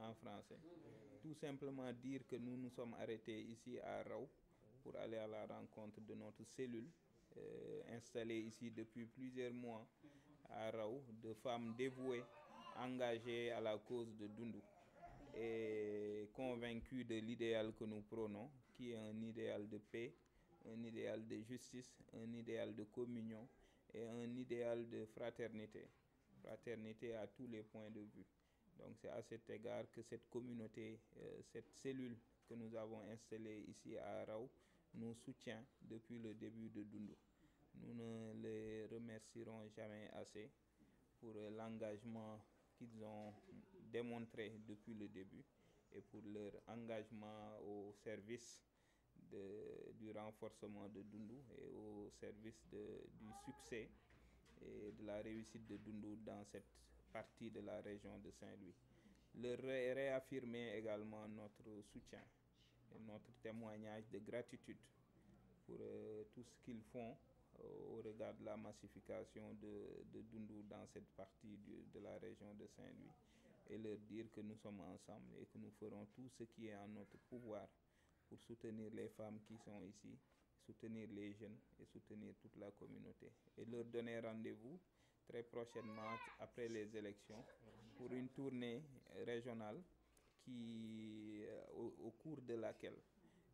en français. Tout simplement dire que nous nous sommes arrêtés ici à Raoult pour aller à la rencontre de notre cellule euh, installée ici depuis plusieurs mois à Raoult, de femmes dévouées, engagées à la cause de Dundu et convaincues de l'idéal que nous prônons, qui est un idéal de paix, un idéal de justice, un idéal de communion et un idéal de fraternité. Fraternité à tous les points de vue. Donc c'est à cet égard que cette communauté, euh, cette cellule que nous avons installée ici à Arau nous soutient depuis le début de Dundo. Nous ne les remercierons jamais assez pour euh, l'engagement qu'ils ont démontré depuis le début et pour leur engagement au service du renforcement de Dundu et au service du succès et de la réussite de Dundu dans cette partie de la région de Saint-Louis. Leur réaffirmer également notre soutien et notre témoignage de gratitude pour euh, tout ce qu'ils font euh, au regard de la massification de, de dans cette partie de la région de Saint-Louis et leur dire que nous sommes ensemble et que nous ferons tout ce qui est en notre pouvoir pour soutenir les femmes qui sont ici, soutenir les jeunes et soutenir toute la communauté et leur donner rendez-vous très prochainement après les élections pour une tournée euh, régionale qui, euh, au, cours de laquelle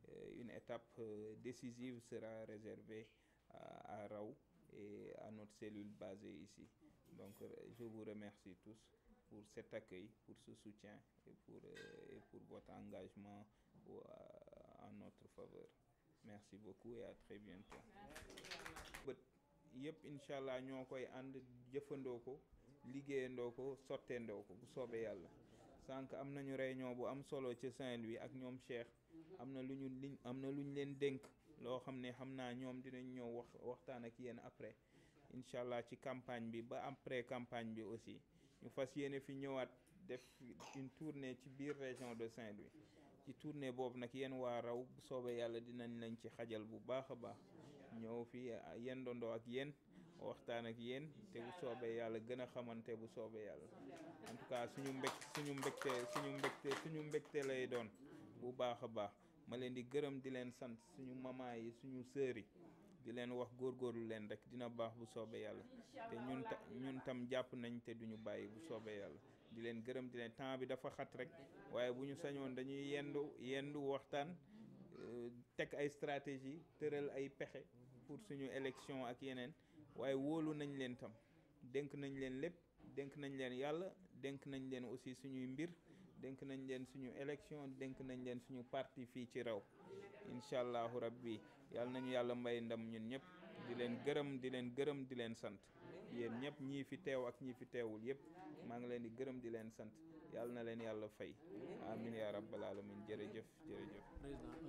euh, une étape décisive sera réservée à, Raoult et à notre cellule basée ici. Donc je vous remercie tous pour cet accueil, pour ce soutien et pour, et pour votre engagement en notre faveur. Merci beaucoup et à très bientôt. yëpp incha allah ñoo koy ànd jëfandoo ko liggéeyandoo ko sotteendoo ko bu soobee yàlla sànq am nañu réunion bu am solo ci Saint-Louis ak ñoom Cheikh am na lu ñu liñ am na lu ñu leen dénk loo xam ne xam naa ñoom dinañ ñëw wax waxtaan ak yenn après incha allah ci campagne bi ba après campagne bi aussi ñu fas yéene fi ñëwaat def une tournée ci biir région de Saint-Louis ci tournée boobu nag yéen waa raw bu soobee yàlla dinañ lañ ci xajal bu baax a baax ñëw fi yendondoo ak yéen waxtaan ak yéen te bu soobee yàlla gën a xamante bu soobee yàlla en tout cas suñu mbég suñu mbégte suñu mbégte suñu mbégte lay doon bu baax a baax ma leen di gërëm di leen sant suñu mama yi suñu sœur yi di leen wax góorgóorlu leen rek dina baax bu soobee yàlla te ñun ñun tam jàpp nañ te duñu bàyyi bu soobee yàlla di leen gërëm di leen temps bi dafa xat rek waaye bu ñu sañoon dañuy yendu waxtaan Euh, teg ay stratégie tëral ay pexe pour suñu élection ak yeneen waaye wóolu nañ leen tam denk nañ leen lépp denk nañ leen yàlla denk nañ leen aussi suñuy mbir denk nañ leen suñu élection denk nañ leen suñu parti fii ci raw incha allahu rabbi yàlla nañu yàlla mbay ndam ñun ñëpp di leen gërëm di leen gërëm di leen sant yéen ñëpp ñii fi teew ak ñii fi teewul yëpp maa ngi leen di gërëm di leen sant yàlla na leen yàlla fay amin ya rabbal alamin jërëjëf